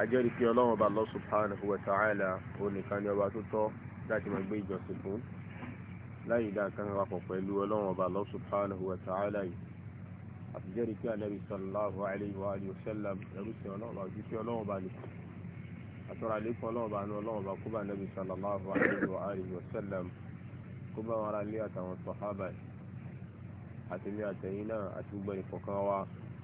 ajẹ́rì pé ọlọ́run ọba Allah subhanahu wa ta'ala onìkan ni ọba tó tọ́ láti máa gbé ìjọsìn fún láyé dá nǹkan papọ̀ pẹ̀lú ọlọ́run ọba Allah subhanahu wa ta'ala yìí àtijẹ́rì pé anabi sallallahu alayhi wa alihi wa sallam ẹrú sí ọlọ́run ọba ojúṣe ọlọ́run ọba nìkan àtọ́ra lẹ́kọ̀ọ́ ọlọ́run ọba ní ọlọ́run ọba kúbà anabi sallallahu alayhi wa sallam kúbà wọn ara lé àtàwọn sọ̀hábà àtẹ̀mí àtẹ̀yìn náà àti gbogbo ìfọ̀kàn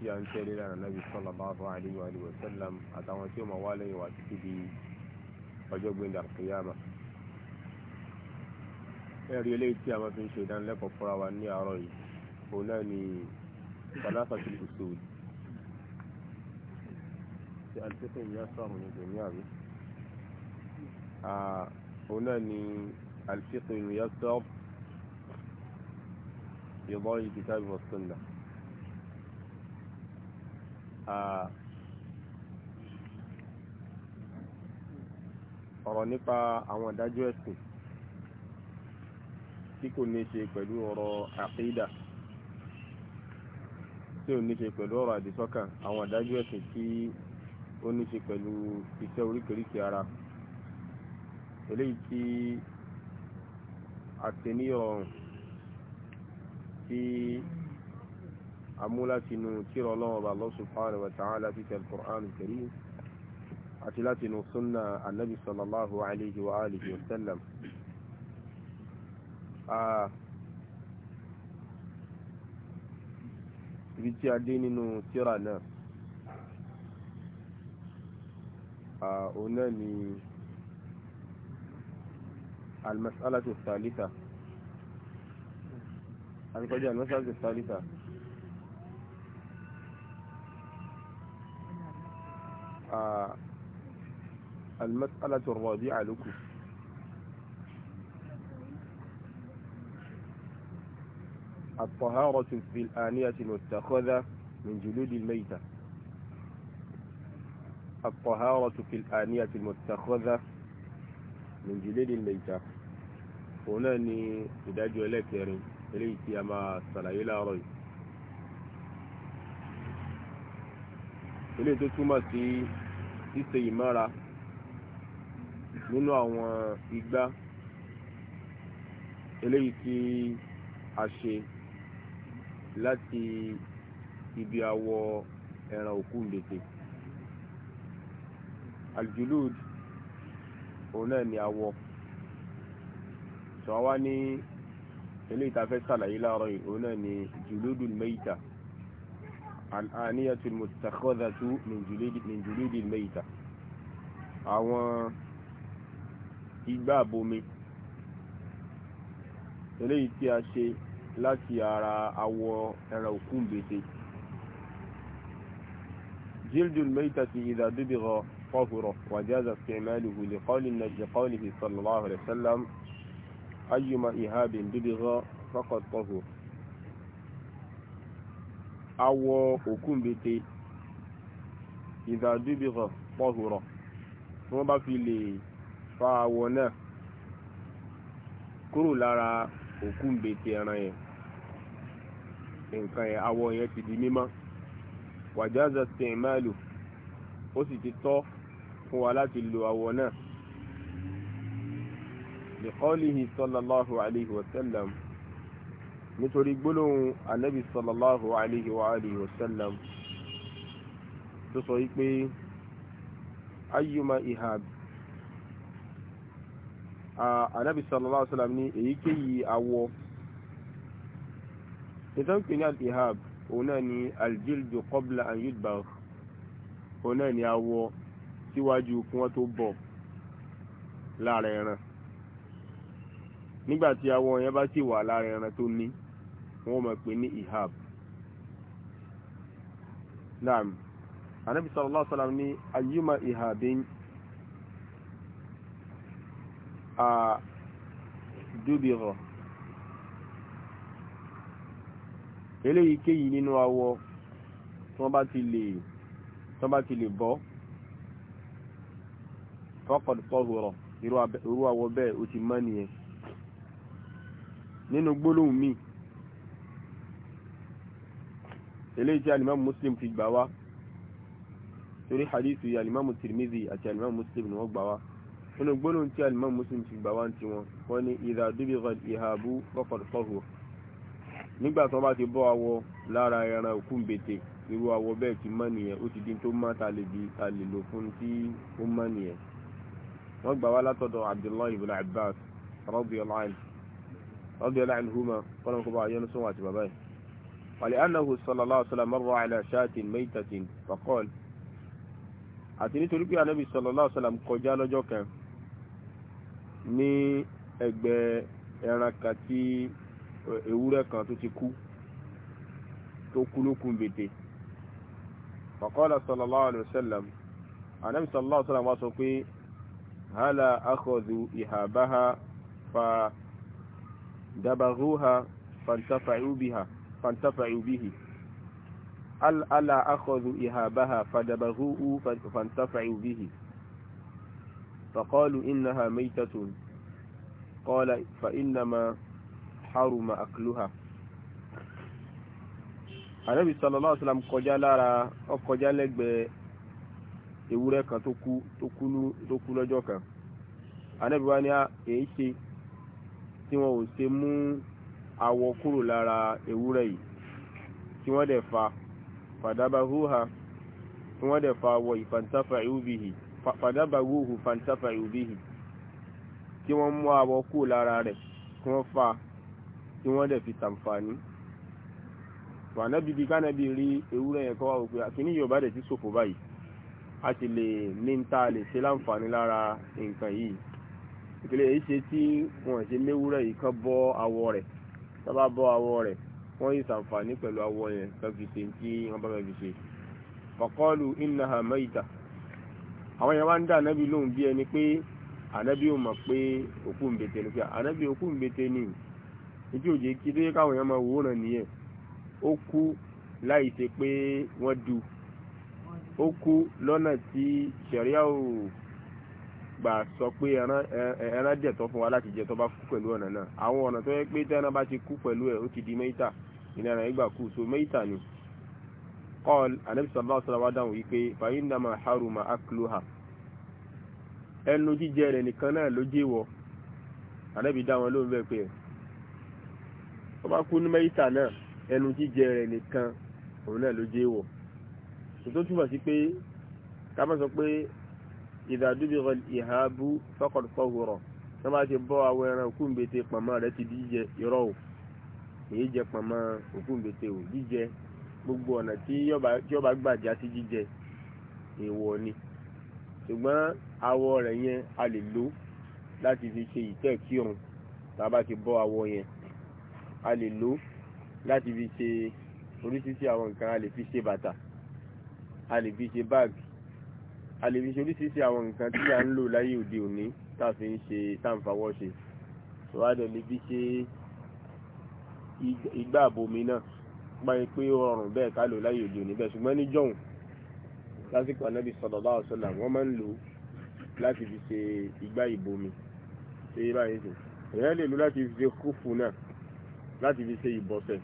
tí a ń tẹ̀lé lára nàbí sallallahu alaihi wa sallam àtàwọn tí ó máa wá lẹ́yìn wá títí di ọjọ́ gbẹ̀ndà kìyàmà. ẹ̀rí eléyìí tí a máa fi ń ṣe ìdánilẹ́kọ̀ọ́ fúnra wa ní àárọ̀ yìí òun náà ni falafatul usul ti alifẹ́fẹ́ ìyá sọ̀rọ̀ ní gbẹ̀mí àbí. òun náà ni alifẹ́fẹ́ ìyá sọ̀rọ̀ ìbọn Ah, ọ̀rọ̀ nípa àwọn ìdájọ́ ẹ̀sìn tí kò ní ṣe pẹ̀lú ọ̀rọ̀ àkídà tí ò ní ṣe pẹ̀lú ọ̀rọ̀ àdìsọ́kàn àwọn ìdájọ́ ẹ̀sìn tí ó ní ṣe pẹ̀lú iṣẹ́ oríkèríkè ara eléyìí tí àtẹníyọ̀rùn tí amúlátinú tírà ọlọ́run ọba Allah subhanahu wa ta'ala láti tẹ̀ al-Qur'an al-Karim àti látinú súnà anabi sallallahu alayhi wa alihi wa sallam. ibi tí a dé nínú tírà náà òun náà ni al-mas'alatu ath-thalitha kọjá al-mas'alatu آه، المسألة الرابعة لكم الطهارة في الآنية المتخذة من جلود الميتة الطهارة في الآنية المتخذة من جلود الميتة هنا ni ìdájọ́ ẹlẹ́kẹrin eléyìí tí a máa ṣàlàyé láàárọ̀ yìí ilé tó túmọ̀ sí ṣíṣe ìmọ́ra nínú àwọn igbá eléyìí tí a ṣe láti ibi awọ ẹran òkú ndètè aljulud òun náà ni awọ sọ wá ní eléyìí tá a fẹ́ ṣàlàyé láàárọ̀ yìí òun náà ni juludul meita al'aniyatul mustakhadhatu min julidil mayta àwọn igbá àbomi eléyìí tí a ṣe láti ara awọ ẹran òkú gbèsè jildul maytati idha dubigha طهر وجاز استعماله لقول النبي قوله صلى الله عليه وسلم أيما إهاب دبغ فقد طهر awọ òkúńbete ìdádúbìrọ̀ pọ̀hùrọ̀ tí wọ́n bá fi lè fa awọ náà kúrò lára òkúńbete ẹran yẹn nǹkan yẹn awọ yẹn ti di mímọ́ wàjáza tẹ̀mẹ́lù ó sì ti tọ́ fún wa láti lo awọ náà lè kọ́ lìhì sallallahu alayhi wa nítorí gbólóhùn anabi sallallahu alayhi wa alihi wa sallam tó sọ wípé ayyuma ihab anabi sallallahu alayhi wa sallam ní èyíkéyìí awọ nítorí pé ní al-ihab òun náà ni aljildu qabla an yudbar òun náà ni awọ síwájú kí wọ́n tó bọ̀ lára ẹran nígbàtí awọ yẹn bá sì wà lára ẹran tó ní wọ́n máa pè ní ihab naam anabi sallallahu alaihi wasallam ní ayyuma ihabin a dubiro eléyìí kéyìí nínú awọ tí wọ́n bá ti lè tí wọ́n bá ti lè bọ́ fọ́kọ̀dù tọ́hùrọ̀ irú awọ bẹ́ẹ̀ ó ti mọ́ nìyẹn nínú gbólóhùn míì eléyìí tí alimami muslim fi gbà wá torí hadithu yìí alimami tirmidhi àti alimami muslim ni wọ́n gbà wá nínú gbólóhùn tí alimami muslim fi gbà wá ti wọn wọ́n ní ìdá dúbìgà ìhàbú kọfọ̀tọ́hù nígbà tí wọ́n bá ti bọ́ awọ lára ẹran òkú bètè irú awọ bẹ́ẹ̀ ti mọ́ nìyẹn ó ti di tó má ta lè di ta lè lò fún tí ó mọ́ nìyẹn wọ́n gbà wá látọ̀dọ̀ abdullahi ibn abbas radiyallahu anhu radiyallahu anhuma kọ́nà kó bá yẹnu sún àti bàbá yìí ولأنه صلى الله عليه وسلم مر على شاة ميتة فقال àti nítorí pé anábì sallallahu alaihi wasallam kọjá lọ́jọ́ kan ní ẹgbẹ́ ẹran kan tí ewúrẹ́ kan tó ti kú tó kú lókun bètè faqala sallallahu alaihi wasallam anábì sallallahu alaihi wasallam wá sọ pé hala akhadhu ihabaha fa dabaghuha fantafa'u biha فانتفعوا به أل ألا أخذوا إهابها فدبغوه فانتفعوا به فقالوا إنها ميتة قال فإنما حرم أكلها Ànábì sallallahu alaihi wasallam kọjá lára ọkọjá lẹ́gbẹ̀ẹ́ ewúrẹ́ kan tó kú tó kú lọ́jọ́ kan Ànábì wá ní èéṣe tí wọn ò ṣe mú awọ kúrò lára ewúrẹ́ yìí tí wọ́n dẹ̀ fa fàdábàhúhà tí wọ́n dẹ̀ fa awọ fàdábàhúhù fàǹtàfà ìrúbìhì tí wọ́n mú awọ kúrò lára rẹ̀ tí wọ́n fa tí wọ́n dẹ̀ fi tàǹfààní fànábìbí kánàbì rí ewúrẹ́ yẹn kọ́wàá òpin àkíní yóò bá dẹ̀ ti ṣòfò báyìí a ti lè ní ń ta lè ṣe láǹfààní lára nǹkan yìí ìpìlẹ̀ èyí ṣe tí wọ́n ṣe léwúrẹ́ yìí kan bọ́ awọ rẹ̀ tó bá bọ́ awọ rẹ̀ wọ́n yìí sàǹfààní pẹ̀lú awọ yẹn kẹfì ṣe tí wọ́n bá fi ṣe faqalu innaha mayta àwọn yẹn wá ń dá anabi lóhùn bí ẹni pé ànábì ò mọ̀ pé òkú ń bete ni pé ànábì òkú ń bete ni ìdí òjè kí lóye káwọn yẹn máa wòóràn nìyẹn ó kú láì ṣe pé wọ́n du ó kú gbà sọ pé ẹran jẹ̀tọ́ fún wa láti jẹ tó bá kú pẹ̀lú ọ̀nà náà àwọn ọ̀nà tó yẹ pé tẹ́ran bá ti kú pẹ̀lú ẹ̀ ó ti di mẹ́ta ìní ẹran ìgbà kú so mẹ́ta ni anabi sallallahu alaihi wa dáhùn fàyín náà haruma akluha ẹnu jíjẹ rẹ̀ nìkan náà ló jẹ́ wọ anabi wọn lóhùn bẹ́ẹ̀ pé bá kú ní mẹ́ta náà ẹnu jíjẹ rẹ̀ nìkan òun náà ló jẹ́ ìdádúbìrọ̀ ìhàbù fọ́kọ̀tọ̀hùrọ̀ tó bá ti bọ́ àwọn ẹran òkúńbete pàmọ́ rẹ̀ ti díjẹ irọ́ ò èyí jẹ pàmọ́ òkúńbete ò jíjẹ gbogbo ọ̀nà tí yọba gbàjá sí jíjẹ èèwọ̀ ni ṣùgbọ́n awọ rẹ̀ yẹn a lè lò láti fi ṣe ìtẹ́ kírun tá a bá ti bọ́ awọ yẹn a lè lò láti fi ṣe oríṣiríṣi àwọn nǹkan a lè fi ṣe bàtà a lè fi ṣe báàgì àlèfi ṣe oríṣiríṣi àwọn nǹkan tí a ń lò láyé òde òní tá a fi ń ṣe táǹfàwọ́ ṣe ṣòwádìí lè fi ṣe igbá àbomi náà báyìí pé ó rọrùn bẹ́ẹ̀ ká lò láyé òde òní bẹ́ẹ̀ ṣùgbọ́n ní jọ̀hún lásìkò ànábì sallallahu alaihi wasallam wọ́n máa ń lò láti fi ṣe igbá ìbomi ṣe é báyìí sùn èèyàn lè lò láti fi ṣe kúfù náà láti fi ṣe ìbọ̀sẹ̀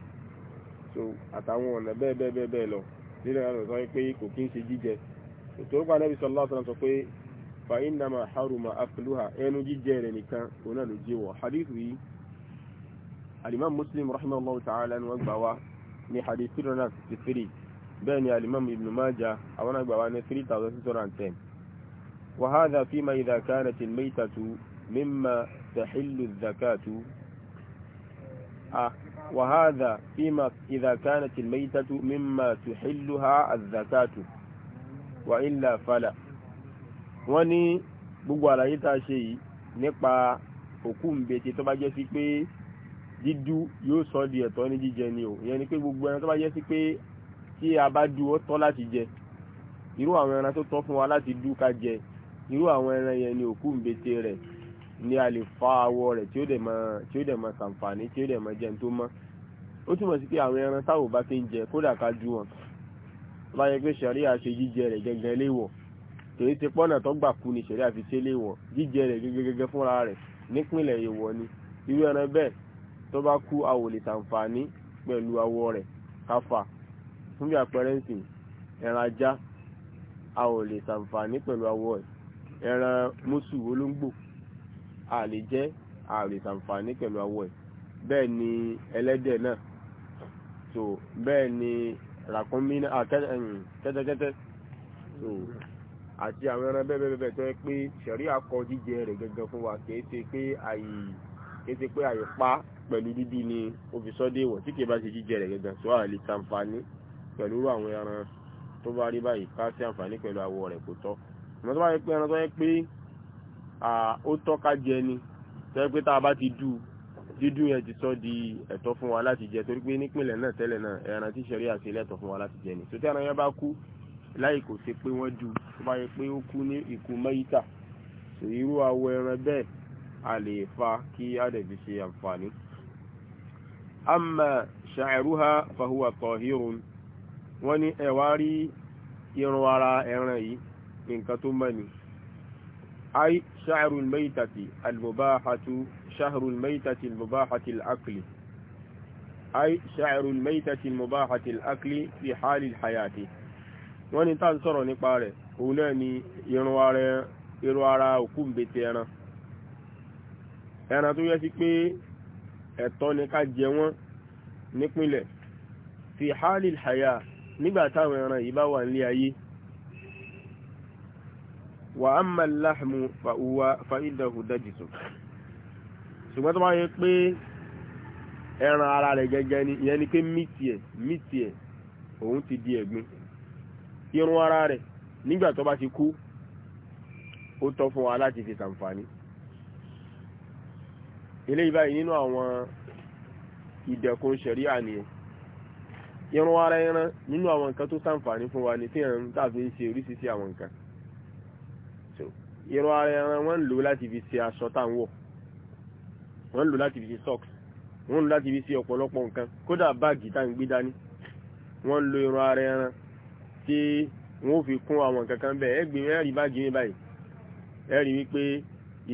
so àtàwọn ọ̀nà bẹ́ẹ̀ bẹ́ẹ̀ bẹ́ẹ̀ lọ nílẹ̀ àná sọ pé kò kí ń ṣe jíjẹ nítorí pa anábì sallallahu alaihi wasallam sọ pé fa innama haruma akluha ẹnu jíjẹ rẹ̀ nìkan òun náà ló jẹ́ wọ̀ hadithu yìí alimam muslim rahimahullahu ta'ala ni wọ́n gbà wá ní hadith three hundred bẹ́ẹ̀ ni alimam ibn majah àwọn àgbà wá ní three thousand six hundred and ten وهذا فيما إذا كانت الميتة مما تحل الزكاة وهذا فيما إذا كانت الميتة مما تحلها الزكاة wà ilà falà wọ́n ní gbogbo àlàyé tá a ṣe yìí nípa òkú ńbete tó bá jẹ́ sí pé dídú yóò sọ di ẹ̀tọ́ ní jíjẹ ni o ìyẹn ni pé gbogbo ẹran tó bá jẹ́ sí pé tí a bá dú ó tọ́ láti jẹ irú àwọn ẹran tó tọ́ fún wa láti dú ká jẹ irú àwọn ẹran yẹn ni òkú ńbete rẹ̀ ni a lè fa awọ rẹ̀ tí ó dẹ̀ máa tí ó dẹ̀ máa tí ó dẹ̀ máa jẹun tó mọ́ ó túmọ̀ sí pé àwọn ẹran táwọn bá fi ń jẹ kódà ká dú wọn tó bá yẹ pé ṣẹ̀ríà ṣe jíjẹ rẹ̀ gẹ́gẹ́ léwọ̀ tòyí ti pọ́nà tó gbà kú ni ṣẹ̀ríà fi ṣe léwọ̀ jíjẹ rẹ̀ gẹ́gẹ́ fúnra rẹ̀ nípìnlẹ̀ èèwọ̀ ni irú ẹran bẹ́ẹ̀ tó bá kú a ò lè ṣàǹfààní pẹ̀lú awọ rẹ̀ káfà fún bí àpẹẹrẹ ń sìn ẹran ajá a ò lè ṣàǹfààní pẹ̀lú awọ rẹ̀ ẹran mùsù olóńgbò a jẹ́ a ò pẹ̀lú awọ rẹ̀ bẹ́ẹ̀ ni ẹlẹ́dẹ̀ náà so bẹ́ẹ̀ ni ràkúnmí náà kẹ́tẹ́kẹ́tẹ́ so àti àwọn ẹran bẹ́ẹ̀bẹ́ẹ̀bẹ́ tó yẹ pé ṣẹ̀rí akọ jíjẹ rẹ̀ gẹ́gẹ́ fún wa kìí ṣe pé àyè kìí ṣe pé àyè pa pẹ̀lú dídí ni ó fi sọ́ déwọ̀ tí kìí bá ṣe jíjẹ rẹ̀ gẹ́gẹ́ tó àlè ṣàǹfààní pẹ̀lú àwọn ẹran tó bá rí báyìí ká sí àǹfààní pẹ̀lú awọ rẹ̀ kò tọ́ ìmọ̀ tó bá yẹ pé ẹran tó yẹ pé ó tọ́ ká jẹ ni tó yẹ pé tá a bá ti dú dídùn yẹn ti sọ di ẹ̀tọ́ fún wa láti jẹ torí pé nípìnlẹ̀ náà tẹ́lẹ̀ náà ẹran tí sẹ́rí àti ẹlẹ́tọ̀ fún wa láti jẹ ni sotí ẹran yẹn bá kú láì kò ṣe pé wọ́n ju tó bá yẹ pé ó kú ní ìkú mẹ́yìtà sò irú awọ ẹran bẹ́ẹ̀ a lè fa kí àdẹ̀bí ṣe àǹfààní. amma sha'ruha fahuwa tahirun wọ́n ní ẹ̀wá rí irun ara ẹran yìí nǹkan tó mọ̀ ni. ai sha'rul maytati al-mubahatu شهر الميتة المباحة الأكل أي شعر الميتة المباحة الأكل في حال الحياة wọ́n ni tá ń sọ̀rọ̀ nípa rẹ̀ òun náà ni irun ara òkú ń bètè ẹran ẹran tó yẹ sí pé ẹ̀tọ́ ni ká jẹ wọ́n nípínlẹ̀ fi halil haya nígbà táwọn ẹran yìí bá wà nílé ayé wa amma lahmu fa huwa ṣùgbọ́n tó bá yẹ pé ẹran ara rẹ̀ gẹ́gẹ́ ni ìyẹn ni pé mítì ẹ̀ mítì ẹ̀ òun ti di ẹ̀gbin irun ara rẹ̀ nígbà tó bá ti kú ó tọ́ fún wa láti fi ṣàǹfààní eléyìí báyìí nínú àwọn ìdẹ̀kùn ṣẹ̀ríà ni irun ara ẹran nínú àwọn nǹkan tó ṣàǹfààní fún wa ni tí ẹran tàbí ń ṣe oríṣiríṣi àwọn nǹkan irun ara ẹran wọ́n ń lò láti fi ṣe aṣọ táwọn wọ̀ wọ́n lò láti fi ṣe socks wọ́n lò láti fi ṣe ọ̀pọ̀lọpọ̀ nǹkan kódà báàgì tá ń gbé dání wọ́n lo irun ara ẹran tí wọ́n fi kún àwọn nǹkan kan bẹ́ẹ̀ ẹgbẹ́ ẹ̀rí báàgì mi báyìí ẹ̀rí wípé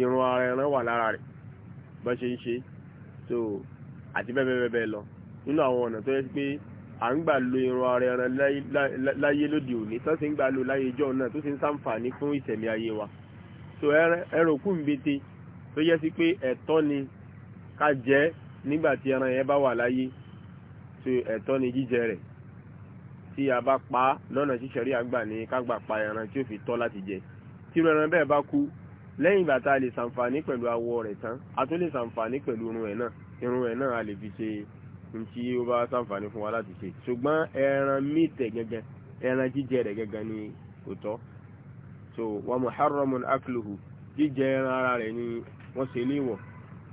irun ara ẹran wà lára rẹ̀ bọ́ ṣe ń ṣe so àti bẹ́ẹ̀ bẹ́ẹ̀ lọ nínú àwọn ọ̀nà tó yẹ pé à ń gbà lo irun ara ẹran láyé lóde òní tó sì ń gbà lo láyé ìjọ náà tó sì ń ṣàǹfààní fún ìṣẹ̀mí ayé wa so ẹ̀rọ kùnbete tó yẹ sí pé ẹ̀tọ́ ni ká jẹ nígbà tí ẹran yẹn bá wà láyé tó ẹ̀tọ́ ni jíjẹ rẹ̀ tí a bá pa lọ́nà tí ṣẹ̀ríà gbà ní ká gbà pa ẹran tí ó fi tọ́ láti jẹ tí ẹran bẹ́ẹ̀ bá kú lẹ́yìn ìgbà tá a lè ṣàǹfààní pẹ̀lú awọ rẹ̀ tán a tún lè ṣàǹfààní pẹ̀lú irun ẹ̀ náà irun ẹ̀ náà a lè fi ṣe ohun tí ó bá ṣàǹfààní fún wa láti ṣe ṣùgbọ́n ẹran mítẹ̀ gẹ́gẹ́ ẹran jíjẹ rẹ̀ gẹ́gẹ́ ni kò tọ́ so wa muharramun akluhu jíjẹ ẹran ara rẹ̀ ni wọ́n ṣe léèwọ̀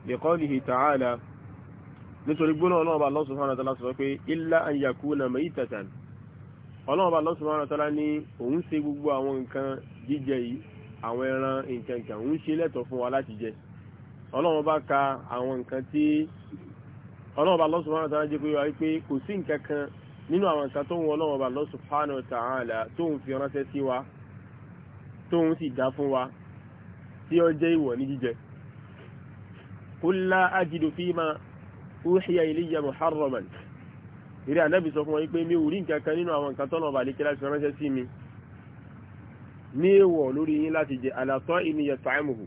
liqawlihi ta'ala nítorí gbóná ọlọ́run bá Allah subhanahu wa ta'ala sọ pé illa an yakuna maytatan ọlọ́run bá Allah subhanahu wa ta'ala ní òun ṣe gbogbo àwọn nǹkan jíjẹ yìí àwọn ẹran nǹkan kan òun ṣe lẹ́tọ̀ fún wa láti jẹ ọlọ́run bá ka àwọn nǹkan tí ọlọ́run bá Allah subhanahu wa ta'ala jẹ́ pé wáyé pé kò sí nǹkan kan nínú àwọn nǹkan tó ń wọ ọlọ́run bá Allah subhanahu wa ta'ala tó ń fi ránṣẹ́ sí wa tó ń sì dá fún wa tí ó jẹ́ ìwọ̀ ní jíjẹ قل لا أجد فيما أوحي إلي محرما ìrí ànábì sọ fún wọn pé mi ò rí nǹkan kan nínú àwọn nǹkan tọ́nà ọba àlékẹ́lá fi ránṣẹ́ sí mi ní èèwọ̀ lórí yín láti jẹ àlàtọ́ ènìyàn tàìmùhù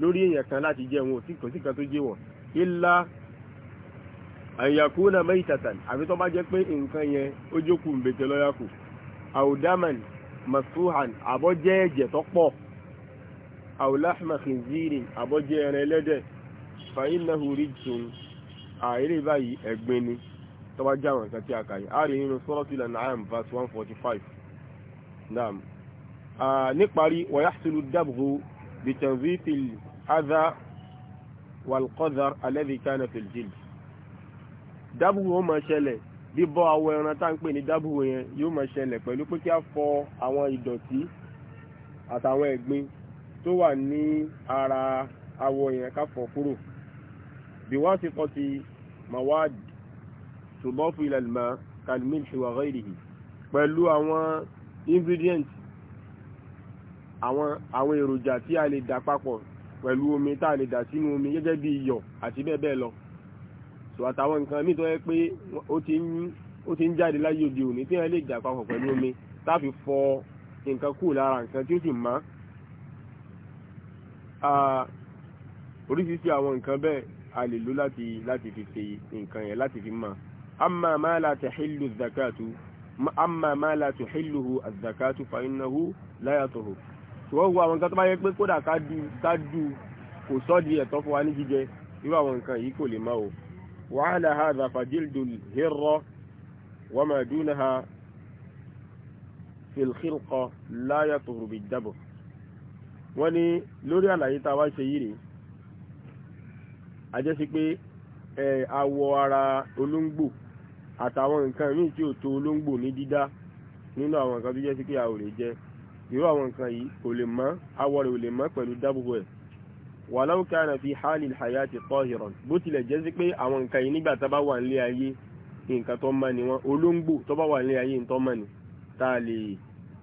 lórí èèyàn kan láti jẹ wọn kò sí kan tó jẹ wọn ilá àyàkúnà mẹ́ìtàtàn àfi tó bá jẹ́ pé nǹkan yẹn ó jókòó mbètè lọ́yàkù àwùdámàn masuhan àbọ́jẹ́ ẹ̀jẹ̀ tó pọ̀ àwùláhmà kìnzírin àbọ́jẹ́ ẹran ẹlẹ́dẹ̀ẹ́ fàyín náà rí tún àìrí báyìí ẹ̀gbin ni tó bá já àwọn nǹkan tí a kà yìí a rí nínú suratul An'am verse one forty five naam níparí wa yahsulu dabghu bi tanzifil adha walqadhar alladhi kana fil jild dábùwò ó máa ṣẹlẹ̀ bíbọ awọ ẹran tá ń pè ní dábùwò yẹn yóò tó wà ní ara awọ yẹn ká fọ kúrò بواسطة مواد تضاف إلى الماء كالملح وغيره pẹ̀lú àwọn ingredients àwọn àwọn èròjà tí a lè dà papọ̀ pẹ̀lú omi tá a lè dà sínú omi gẹ́gẹ́ bí iyọ̀ àti bẹ́ẹ̀ bẹ́ẹ̀ lọ so àtàwọn nǹkan míì tó yẹ pé ó ti ń ó ti ń jáde láyé òde òní tí wọ́n lè dà papọ̀ pẹ̀lú omi táfi fọ nǹkan kù lára nǹkan tí ó sì mọ́ ah, oríṣiríṣi àwọn nǹkan bẹ́ẹ̀ a lè lò láti láti fi ṣe nǹkan yẹn láti fi mọ̀ amma ma la tahillu zakatu amma ma la tuhilluhu zakatu fa innahu la yatuhu ṣùgbọ́n gbogbo àwọn nǹkan tó bá yẹ pé kódà ká dù kò sọ́ di ẹ̀tọ́ fún wa ní jíjẹ irú àwọn nǹkan yìí kò lè má o وعلى هذا فجلد الهرة وما دونها في الخلقة لا يطهر بالدبر wọ́n ní lórí àlàyé tá wá ṣe yìí àjẹ́sí pé awọ ara olóńgbò àtàwọn nǹkan míì tí ò tó olóńgbò ní dídá nínú àwọn nǹkan tó jẹ́ sí pé a ò lè jẹ irú àwọn nǹkan yìí kò lè mọ́ awọ rẹ̀ ò lè mọ́ pẹ̀lú dábòbò ẹ̀ walau kana fi hali hayati tahiran bó tilẹ̀ jẹ́ sí pé àwọn nǹkan yìí nígbà tá bá wà nílé ayé nǹkan tó mọ́ ni wọ́n olóńgbò tó bá wà nílé ayé nǹkan tó mọ́ ni tá a lè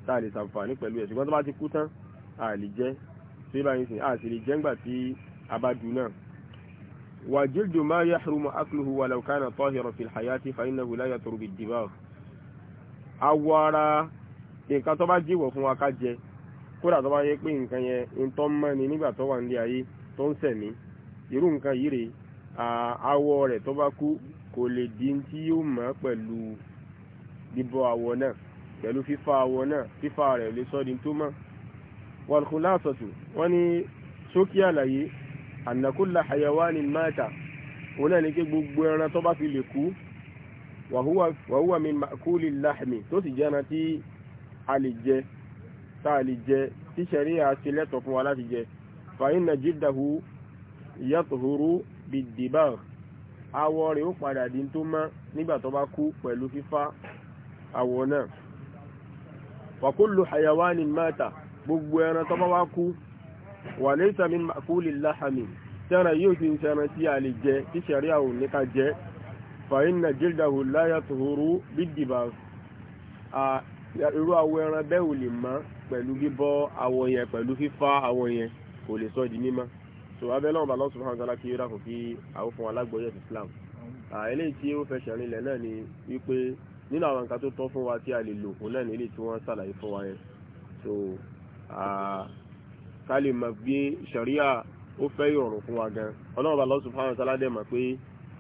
tá a lè ṣàǹfààní pẹ̀lú ẹ̀ ṣùgbọ́n tó bá ti kú tán a lè jẹ tí bá sìn a sì lè jẹ ńgbà tí a bá dùn náà وجلد ما يحرم أكله ولو كان طاهرا في الحياة فإنه لا يطر بالدماغ awọ ara nǹkan tó bá jíwọ̀ fún wa ká jẹ kódà tó bá yẹ pé nǹkan yẹn ń tọ́ mọ́ ni nígbà tó wà nílé ayé tó ń sẹ̀mí irú nǹkan yìí rèé awọ rẹ̀ tó bá kú kò lè di tí yóò mọ́ pẹ̀lú bíbọ awọ náà pẹ̀lú fífa awọ náà fífa rẹ̀ lè sọ di tó mọ́ wal khulasatu wọ́n ní ṣókí àlàyé ànàkúlà hayawanin mata òun náà ní kí gbogbo ẹran tó bá fi lè kú wàhúwà min makúlì láhmi tó sì jẹ́ ẹran tí a lè jẹ tá a lè jẹ tí ṣẹ̀ríà ti lẹ́tọ̀ fún wa láti jẹ fàyín na jìdáhu yàtòhóró bìdìbà awọ rẹ̀ ó padà dín tó mọ́ nígbà tó bá kú pẹ̀lú fífá awọ náà wàkúlù hayawanin mata gbogbo ẹran tó bá wá kú wà ní ìsàmín màkúlì láhàmì tẹ́ran yóò ti ń tẹ́ran tí a lè jẹ tí sẹ̀rí àwọn ní ká jẹ fàyín na jíldahu láyà tòhóró bídìbà irú awọ ẹran bẹ́ẹ̀ ò lè mọ́ pẹ̀lú bíbọ́ awọ yẹn pẹ̀lú fífá awọ yẹn kò lè sọ di mímọ́ so abẹ́ náà bá lọ́sùn fún àwọn kí yóò kí àwọn fún alágbóyè Islam eléyìí tí ó fẹsẹ̀ rinlẹ̀ náà ni wípé nínú àwọn nǹkan tó tọ́ fún wa tí a lè lò òun náà nílé tí wọ́n ṣàlàyé fún wa yẹn so ká lè mọ̀ bí ṣẹ̀ríà ó fẹ́ ìrọ̀rùn fún wa gan ọlọ́run bá lọ́sùn fáwọn sáládẹ̀ mọ̀ pé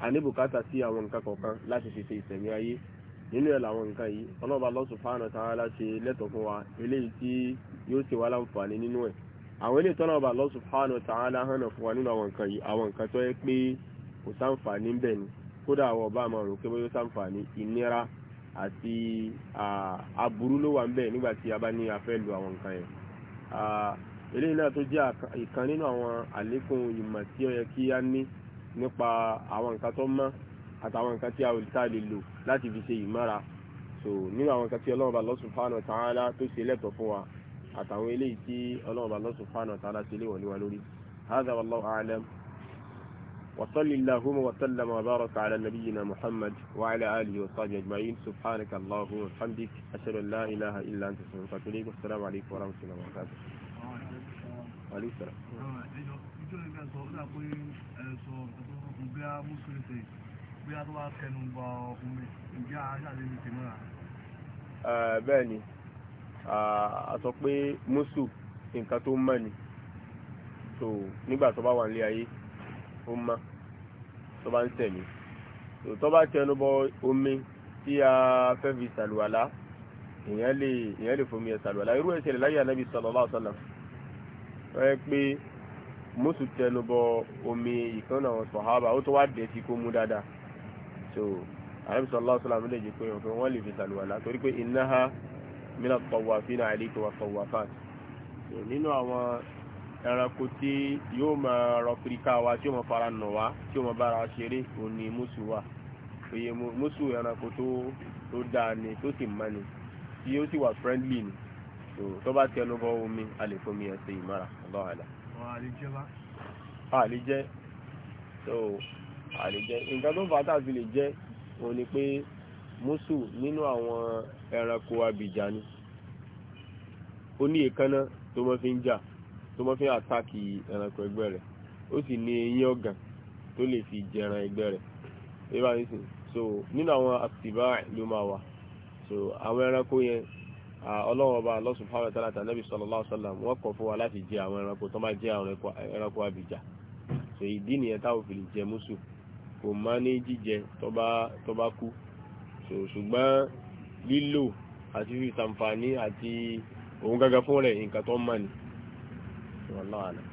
a ní bùkátà sí àwọn nǹkan kọ̀ọ̀kan láti fi ṣe ìsẹ̀mí ayé nínú ẹ̀ làwọn nǹkan yìí ọlọ́run bá lọ́sùn fáwọn sáládẹ̀ ṣe lẹ́tọ̀ fún wa eléyìí tí yóò ṣe wá láǹfààní nínú ẹ̀ àwọn ilé tọ́nà ọba Allah subhanahu wa ta'ala hànà fún wa nínú àwọn nǹkan yìí àwọn nǹkan tó yẹ pé kò sáǹfààní ń ni kódà àwọn ọba àmọ́ rò pé bóyá sáǹfààní ìnira àti aburú ló wà ń bẹ̀ nígbà tí a bá ní a lu àwọn nǹkan yẹn eléyìí náà tó jẹ́ ìkan nínú àwọn àlékún ìmọ̀ tí ó yẹ kí á ní nípa àwọn nǹkan tó mọ́ àtàwọn nǹkan tí a lè lò láti fi ṣe ìmọ́ra so nínú àwọn nǹkan tí ọlọ́run bá lọ́sùn fáànà tààlà tó ṣe lẹ́tọ̀ọ́ fún wa àtàwọn eléyìí tí ọlọ́run bá lọ́sùn fáànà tààlà ṣe léwọ̀ níwa lórí hadha wallahu a'lam wa salli allahumma wa sallama wa baraka ala bẹ́ẹ̀ ni a sọ pé mùsù nǹkan tó mọ́ ni so nígbà tó bá wà nílé ayé ó mọ́ tó bá ń tẹ̀mí so tó bá tẹnu bọ omi tí a fẹ́ fi sàlùwàlá èèyàn lè fomi ẹ̀ sàlùwàlá irú ẹ̀ láyé ànábì sallallahu alaihi wọ́n pé mọ́sù tẹnubọ omi ìkànnì àwọn sọ̀hábà ó tó wá dẹ̀ sí kó mú dáadáa so àrẹ́bí sọ̀lá ọ̀sọ́làmù lè jẹ́ pé ọ̀pẹ́ wọ́n lè fi sàlùwàlá torí pé innaha mina tawafina alayka wa tawafat so nínú àwọn ẹranko tí yóò máa rọ wa tí yóò máa fara nà wá tí yóò máa bára wa ṣeré òun ni mọ́sù wà òye mọ́sù ẹranko tó dáa ni tó sì mọ́ ni tí yóò sì wà friendly ni so tó bá ti ẹnu bọ omi a lè fomi ẹ ṣe ìmọ́ra Allahu a'lam. àlè jẹ́ so àlè jẹ́ nǹkan tó fà á tàbí lè jẹ́ òun ni pé mùsù nínú àwọn ẹranko abìjà ni ó ní èékánná tó mọ́ fi ń jà tó mọ́ fi ń àtàkì ẹranko ẹgbẹ́ rẹ̀ ó sì ní eyín ọ̀gàn tó lè fi jẹran ẹgbẹ́ rẹ̀ ẹ bá yín sìn so nínú àwọn àtìbá ló máa wà so àwọn ẹranko yẹn ọlọ́run ọba Allah subhanahu wa ta'ala àtànẹ́bí sallallahu alaihi wasallam wọ́n kọ̀ fún wa láti jẹ àwọn ẹranko tó máa jẹ àwọn ẹranko àbìjà so ìdí nìyẹn táwọn fi lè jẹ mùsù kò má ní jíjẹ tó bá kú so ṣùgbọ́n lílò àti fífi ṣàǹfààní àti òun gágá fún rẹ̀ nǹkan tó mọ̀ ni.